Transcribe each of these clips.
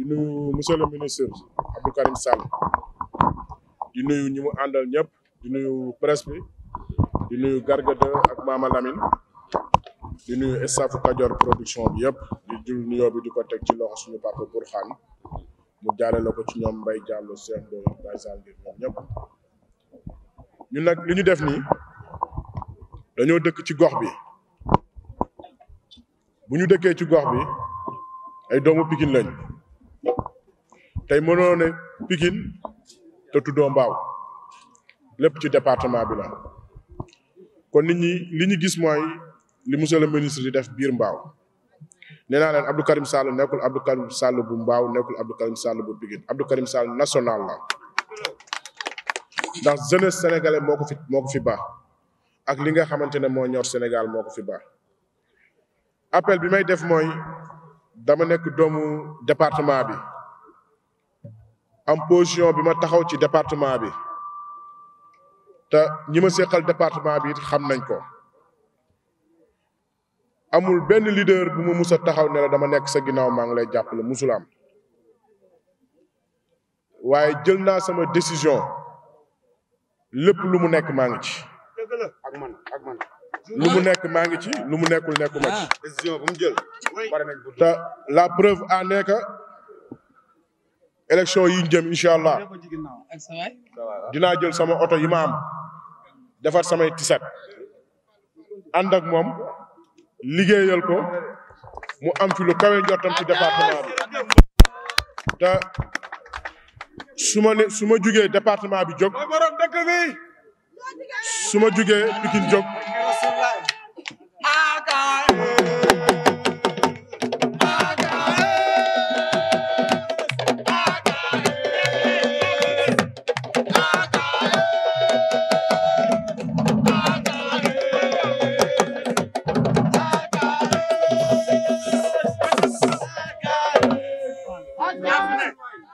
di nuyu monsieur le ministre Abdou Karim Sall di nuyu ñi mu àndal ñëpp di nuyu presse bi di nuyu Garga 2 ak Mama Lamine di nuyu staff Kajoor production bi yëpp di jul nuyoo bi di ko teg ci loxo suñu papa Bourkhane mu jaaree la ko ci ñoom Mbaye Diallo Cheikh Ndoye Baye Sall ngir ñoom ñëpp ñun nag li ñu def nii dañoo dëkk ci gox bi bu ñu dëkkee ci gox bi ay doomu Pikine lañ tey mënoo ne Pikine te tuddoo Mbao lépp ci département bi la kon nit ñi li ñu gis mooy li monsieur le ministre di def biir mbaaw nee naa leen Abdou Karim Sall nekkul Abdou Karim Sall bu mbaaw nekkul Abdou Karim Sall bu Pikine Abdou Karim Sall national la ndax jeunesse sénégalais moo ko fi moo ko fi baax ak li nga xamante ne moo ñor Sénégal moo ko fi baax appel bi may def mooy dama nekk doomu département bi am position bi ma taxaw ci département bi te ñi ma seqal département bi it xam nañ ko amul benn leader bi ma mus taxaw ne dama nekk sa ginnaaw maa ngi lay jàppale musul am waaye jël naa sama décision lépp lu mu nekk maa ngi ci. ak lu mu nekk maa ngi ci lu mu nekkul nekkuma ci. Ah. décision bu mu jël. te la preuve en est élection yiñ ñu jëm incha allah dinaa jël sama oto yi ma am defar samay tiset ànd ak moom liggéeyal ko mu am fi lu kawe njortam ci département bi te su ma ne su ma jugee département bi jóg su ma jugee Pikine jóg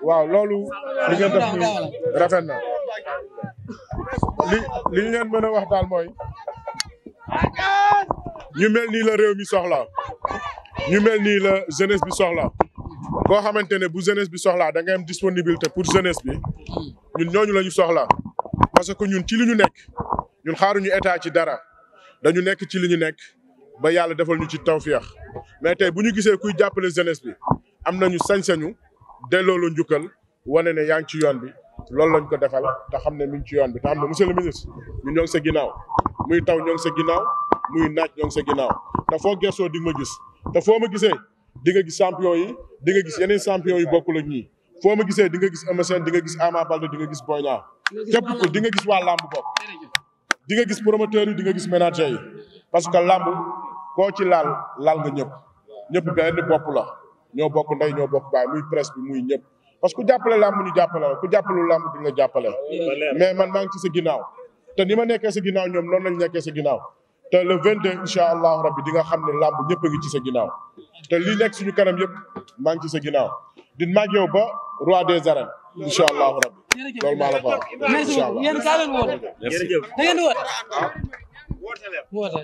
waaw loolu li ngeen def ni rafet na li li ñu leen mën a wax daal mooy ñu mel nii la réew mi soxla ñu mel nii la jeunesse bi soxla koo xamante ne bu jeunesse bi soxlaa da ngay am disponibilité pour jeunesse bi ñun ñooñu la ñu soxla parce que ñun ci li ñu nekk ñun xaaruñu état ci dara dañu nekk ci li ñu nekk ba yàlla defal ñu ci taw tawféex mais tey bu ñu gisee kuy jàppale jeunesse bi am nañu sañ-sañu delloo la njukkal wane na yaa ngi ci yoon bi loolu lañ ko defal te xam ne mi ngi ci yoon bi te xam ne monsieur le ministre ñun ñoo sa ginnaaw muy taw ñoo sa ginnaaw muy naaj ñoo sa ginnaaw te foo gëstoo di ma gis te foo ma gisee di nga gis champion yi di nga gis yeneen champion yi bokkul ak ñii foo ma gisee di nga gis Eumeu Sène di nga gis Ama Baldé di nga gis Boy Niang képp ko di nga gis waa làmb bopp di nga gis promoteur di nga gis manager yi parce que làmb koo ci laal laal nga ñëpp ñëpp benn bopp la ñoo bokk ndey ñoo bokk baay muy presse muy ñëpp parce que ku jàppale làmb ñu jàppale la ku jàppalul làmb duñ la jàppale mais man maa ngi ci sa ginnaaw te ni ma nekkee sa ginnaaw ñoom noonu lañ nekkee sa ginnaaw te le 22 incha allahu di nga xam ne làmb ñëpp a ci sa ginnaaw te lii nekk suñu kanam yëpp maa ngi ci sa ginnaaw di màgg yow ba roi de arènes incha allahu rabbi loolu maa la fa incha allah yéen kaa leen woote da ngeen di woote woote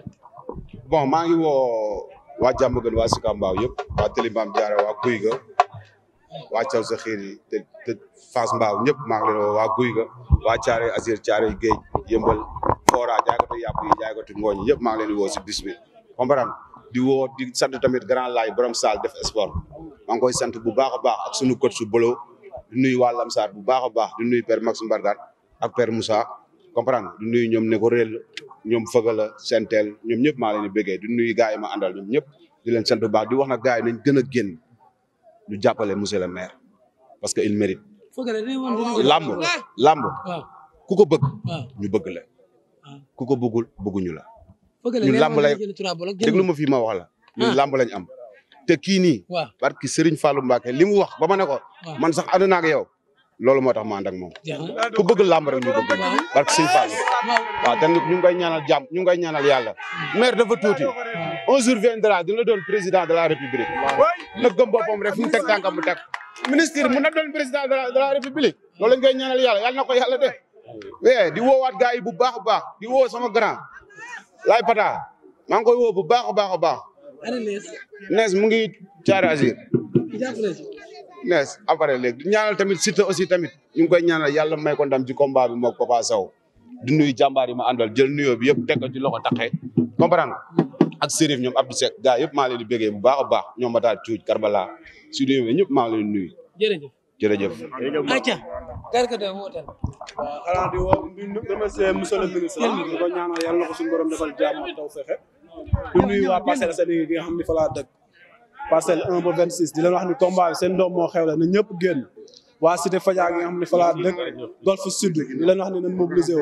bon maa ngi woo waa Diamaguène waa Sicap Mbao yëpp waa Télibam Diarra waa Guy ga waa Thiaw sa xiir yi te te Fass Mbao ñëpp maa leen woo waa Guy ga waa Thiaré Azir Thiaré Géej yëmbal Fora jaaykatu yàpp yi jaaykatu ngooñ yëpp maa leen di woo si bis bi comprendre di woo di sant tamit grand laay borom saal def sport maa ngi koy sant bu baax a baax ak sunu coach su bolo di nuyu waa Lamsaar bu baax a baax di nuyu père Max Mbargane ak père Moussa comprendre du nuyu ñoom ne ko réel ñoom fëgal a senteel ñoom ñëpp maa leen bëggee du nuyu gars yi ma àndal ñoom ñëpp di leen sant bu baax di wax nag gars yi nañ gën a génn ñu jàppale monsieur le maire parce que il mérite. làmb làmb ku ko bëgg. ñu bëgg la ku ko bëggul bëgguñu la. ñu làmb lay déglu ma fii ma wax la. ñun ah. làmb lañ am. te kii nii. waaw parce que Serigne Fallou Mbacké li mu wax ba ma ne man sax ànd naa yow. loolu moo tax ma ak moom ku bëgg làmb rek ñu bëgg parce que suñu ñu ngi koy ñaanal jàmm ñu ngi koy ñaanal yàlla hmm. maire dafa tuuti hmm. un jour viendra dina doon président de la république hmm. na gëm boppam rek fu mu teg tànkam mu teg ministre na doon président de la république lañ koy ñaanal yàlla yàlla na ko yàlla def wee di woowaat gars yi bu baax a baax di woo sama grand laay pata maa ngi koy woo bu baax a baax a baax nees mu ngi caari agir mais après léegi ñaanal tamit Siteu aussi tamit ñu koy ñaanal yàlla may ko ndam ci combat moog Papa Sow di nuyu jàmbaar yi ma àndal jël nuyoo bi yëpp teg ko ci loxo taxee comprendre ak Serif ñoom Abdou Seck gars yëpp maa leen di bégee bu baax a baax ñoom Matar Cuuj Karbala su dee ñëpp maa leen di nuyu. jërëjëf jërëjëf. acca garka de wootal. waaw xanaa di woo di remercier monsieur le ministre di ko ñaanal yàlla na ko suñu borom defal jàmm taw fexe di nuyu waa Parcelles Assainies yi ni fa laa parcelle 1 ba 26 di leen wax ni combat bi seen doom moo xew la na ñëpp génn waa Cité Fadia gi ne fa Golf Sud di wax ni nañ mobilisé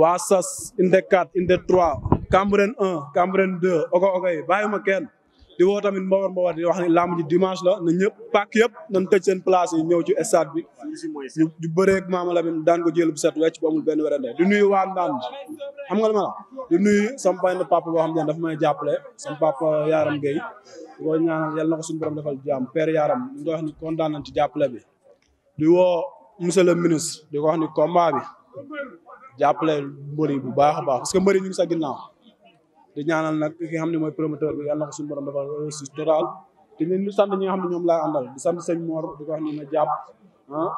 waa sas inde 4 inde 3 Cambérène 1 Cambérène 2 ogo ogo yi bàyyi ma kenn di woo tamit Mbawar Mbawar di wax ni làmb ji dimanche la na ñëpp pàcc yëpp nañ tëj seen place yi ñëw ci stade bi. ñu bëreeg Mama Lamine daan ko jël bu set wecc bu amul benn werante di nuyu waan Ndam xam nga lu ma di nuyu sama benn papa boo xam ne dafa may jàppale sama papa Yaram Gueye di ñaan ñaanal yàlla na ko suñu borom defal jàmm per Yaram doo ko wax ni kontaan nañ ci jàppale bi. di woo monsieur le ministre di wax ni combat bi jàppale mbëri bu baax a baax parce que ñu sa ginnaaw. di ñaanal nag ki nga xam ne mooy promoteur bi yàlla na ko suñu borom dafa réussite total te leen sant ñoom laa àndal di sant sëñ Mor di wax ne na jàpp ah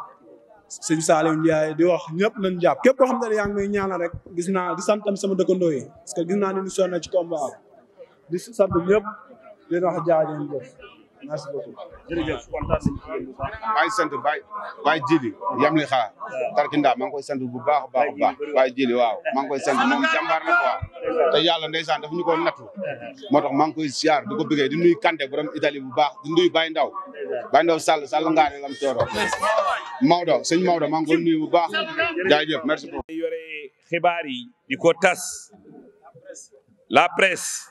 sëñ Saliou Ndiaye di wax ñëpp nañ jàpp képp koo xam ne yaa ngi may ñaanal rek gis naa di sant tamit sama dëkkandoo yi parce que gis naa ne ñu sonn ci combat di sant ñëpp leen wax jaajëf merci beaucoup jërëjëf kontaan nañ ci yéen bu baax. maa ngi sant Baye Baye Djili yam li maa ngi koy sant bu baax a baax a baax Baye Djili waaw maa ngi koy sant moom jàmbaar na quoi. te yàlla ndeysaan daf ñu ko nattu. moo tax maa ngi koy siyaar di ko bëggee di nuyu Kanté borom Italie bu baax di nuyu Baye Ndaw Baye Ndaw Sall Sall Ngaane lam tooro Maodo sëñ Maodo maa ngi koy nuyu bu baax jaajëf merci beaucoup. yore xibaar yi di ko tas la presse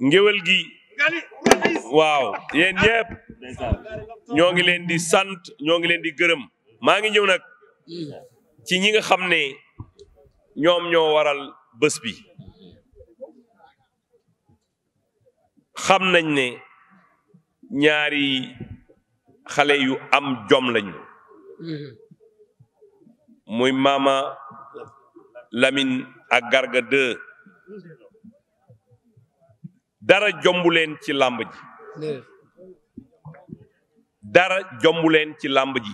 ngéwél gi. waaw yéen ñëpp ñoo ngi leen di sant ñoo ngi leen di gërëm maa ngi ñëw nag ci ñi nga xam ne ñoom ñoo waral bés bi xam nañ ne ñaari xale yu am jom lañu muy maama Lamine ak Garga 2 dara jombu ci làmb ji dara jombu ci làmb ji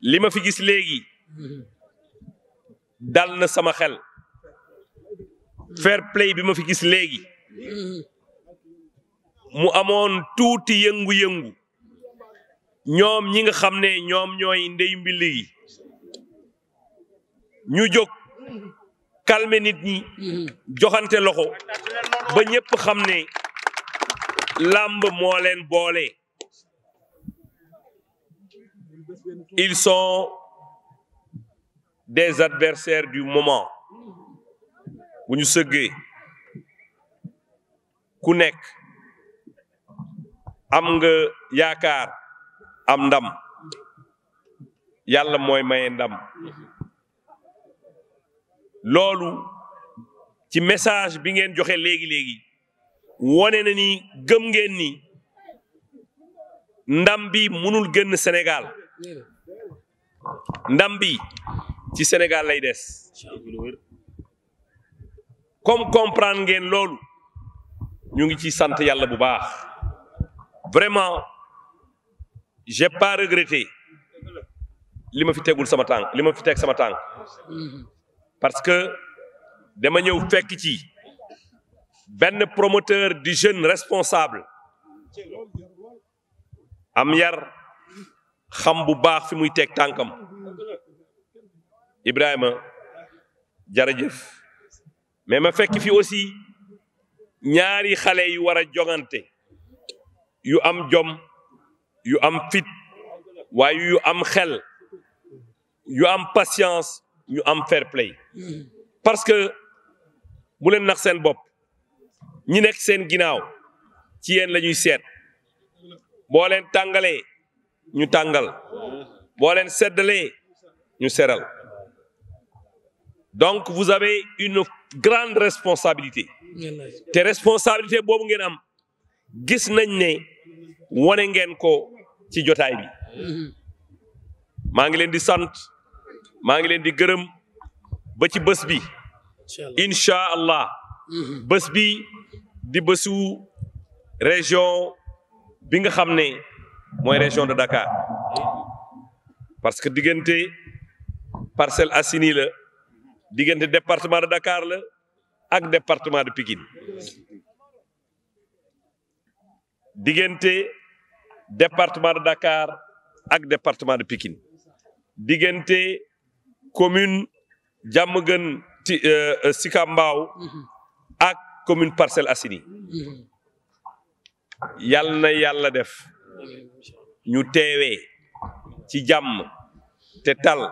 li ma fi gis léegi dal na sama xel fair play bi ma fi gis léegi mu amoon tuuti yëngu-yëngu ñoom ñi nga xam ne ñoom ñooy ndey mbilli yi ñu jóg kalme nit ñi joxante loxo ba ñëpp xam ne làmb moo leen boole ils sont des adversaires du moment bu ñu sëggee ku nekk am nga yaakaar am ndam yàlla mooy maye ndam ci message bi ngeen joxe léegi léegi wone na ni gëm ngeen ni ndam bi mënul génn Sénégal ndam bi ci Sénégal lay des comme comprendre ngeen loolu ñu ngi ci sant yàlla bu baax vraiment j'ai pas regretté li ma fi tegul sama tànk li ma fi teg sama tànk parce que ma ñëw fekk ci benn promoteur di jeune responsable am yar xam bu baax fi muy teg tànkam Ibrahima jërëjëf mais ma fekk fi aussi ñaari xale yu war a jongante yu am jom yu am fit waaye yu am xel yu am patience ñu am fair play parce que bu leen nax seen bopp ñi nekk seen ginnaaw ci yéen la ñuy seet boo leen tàngalee ñu tàngal boo leen seddalee ñu seral donc vous avez une grande responsabilité te responsabilité boobu ngeen am gis nañ ne wane ngeen ko ci jotaay bi maa ngi leen di sant maa ngi leen di gërëm ba ci bës bi incha allah mm-hmm. bés bi di bësu région bi nga xam ne mooy région de Dakar parce que diggante parcelle Assainies la diggante département de Dakar la ak département de Pikine diggante département de Dakar ak département de Pikine diggante commune Diamaguène ti euh, euh, Sicap mhm. ak commune Parcelles Assainies mhm. yàlla na yàlla def ñu teewee ci jàmm te tal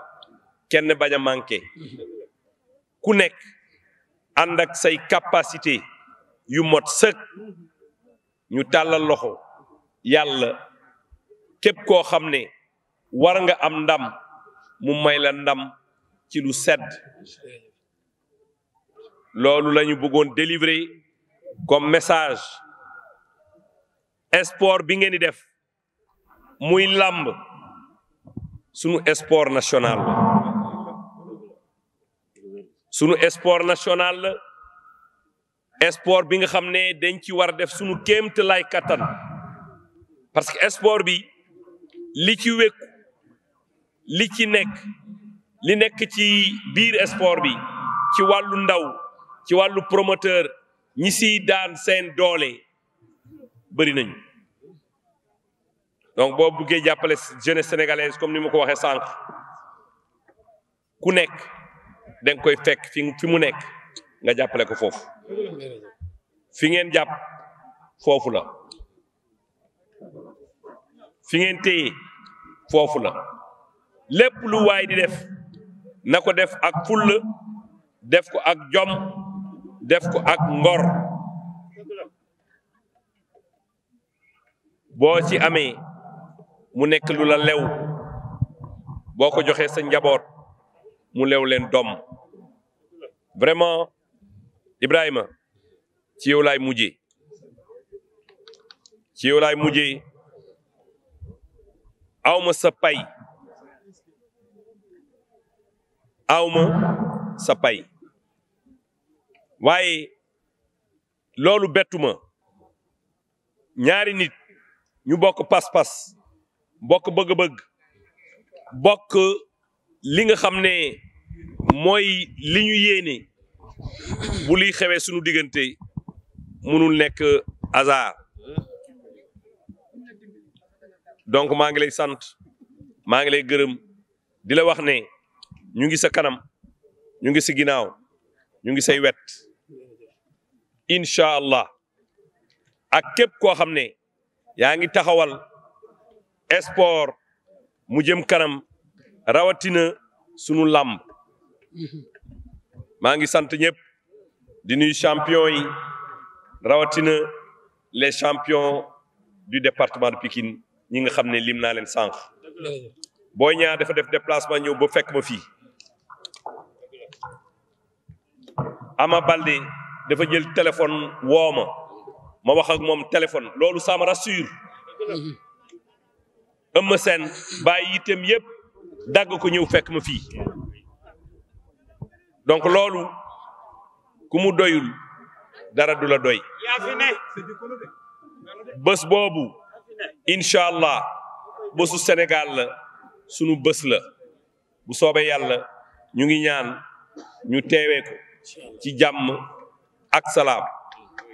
kenn bañ mhm. ku nekk ànd say capacité yu mot sëkk ñu tàllal loxo yàlla képp koo xam ne war nga am ndam mu may la ndam ci lu sedd loolu lañu ñu bëggoon délivrer comme message sport bi nga ni def muy làmb sunu sport national la sunu national la bi nga xam ne dañ ci war a def sunu kéemt lay kattan parce que sport bi li ci wékku li ci nekk li nekk ci biir sport bi ci wàllu ndaw ci wàllu promoteur ñi siy daan seen doole bëri nañu donc boo buggee jàppale jeunesse sénégalaise comme ni ma ko waxee sànq ku nekk da koy fekk fi fi mu nekk nga jàppale ko foofu fi ngeen jàpp foofu la fi ngeen tey foofu la lépp lu waay di def na ko def ak fulla def ko ak jom def ko ak ngor boo ci amee mu nekk lu la lew boo ko joxee sa njaboot mu lew leen doom vraiment Ibrahima ci yow laay mujjee ci yow laay mujjee awma sa awma sapay waaye loolu betuma ñaari nit ñu bokk pas-pas bokk bëgg-bëgg bokk li nga xam ne mooy li ñu yéene bu liy xewee sunu diggante mënul nekk hasard donc maa ngi lay sant maa ngi lay gërëm di la wax ne ñu ngi sa kanam ñu ngi si ginnaaw ñu ngi say wet incha allah ak képp koo xam ne yaa ngi taxawal sport mu jëm kanam rawatina sunu làmb maa ngi sant ñëpp di nuyu champion yi rawatina les champions du département de Pikine ñi nga xam ne lim naa leen sànq. Boy Niang dafa def déplacement ñëw ba fekk ma fii Ama Baldé. dafa jël téléphone woo ma ma wax ak moom téléphone loolu ça me rassure Eumeu Sène bàyyi yépp dagg ko ñëw fekk ma fii donc loolu ku mu doyul dara du la doy bés boobu incha allah bësu Sénégal sunu bës la bu soobee yàlla ñu ngi ñaan ñu teewee ci jàmm ak salaam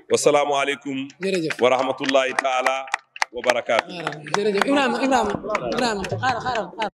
wasalaamualeykum wa rahmatullahi taala wa barakaatu jërëjëf Ibrahima Ibrahima Ibrahima xaaral xaaral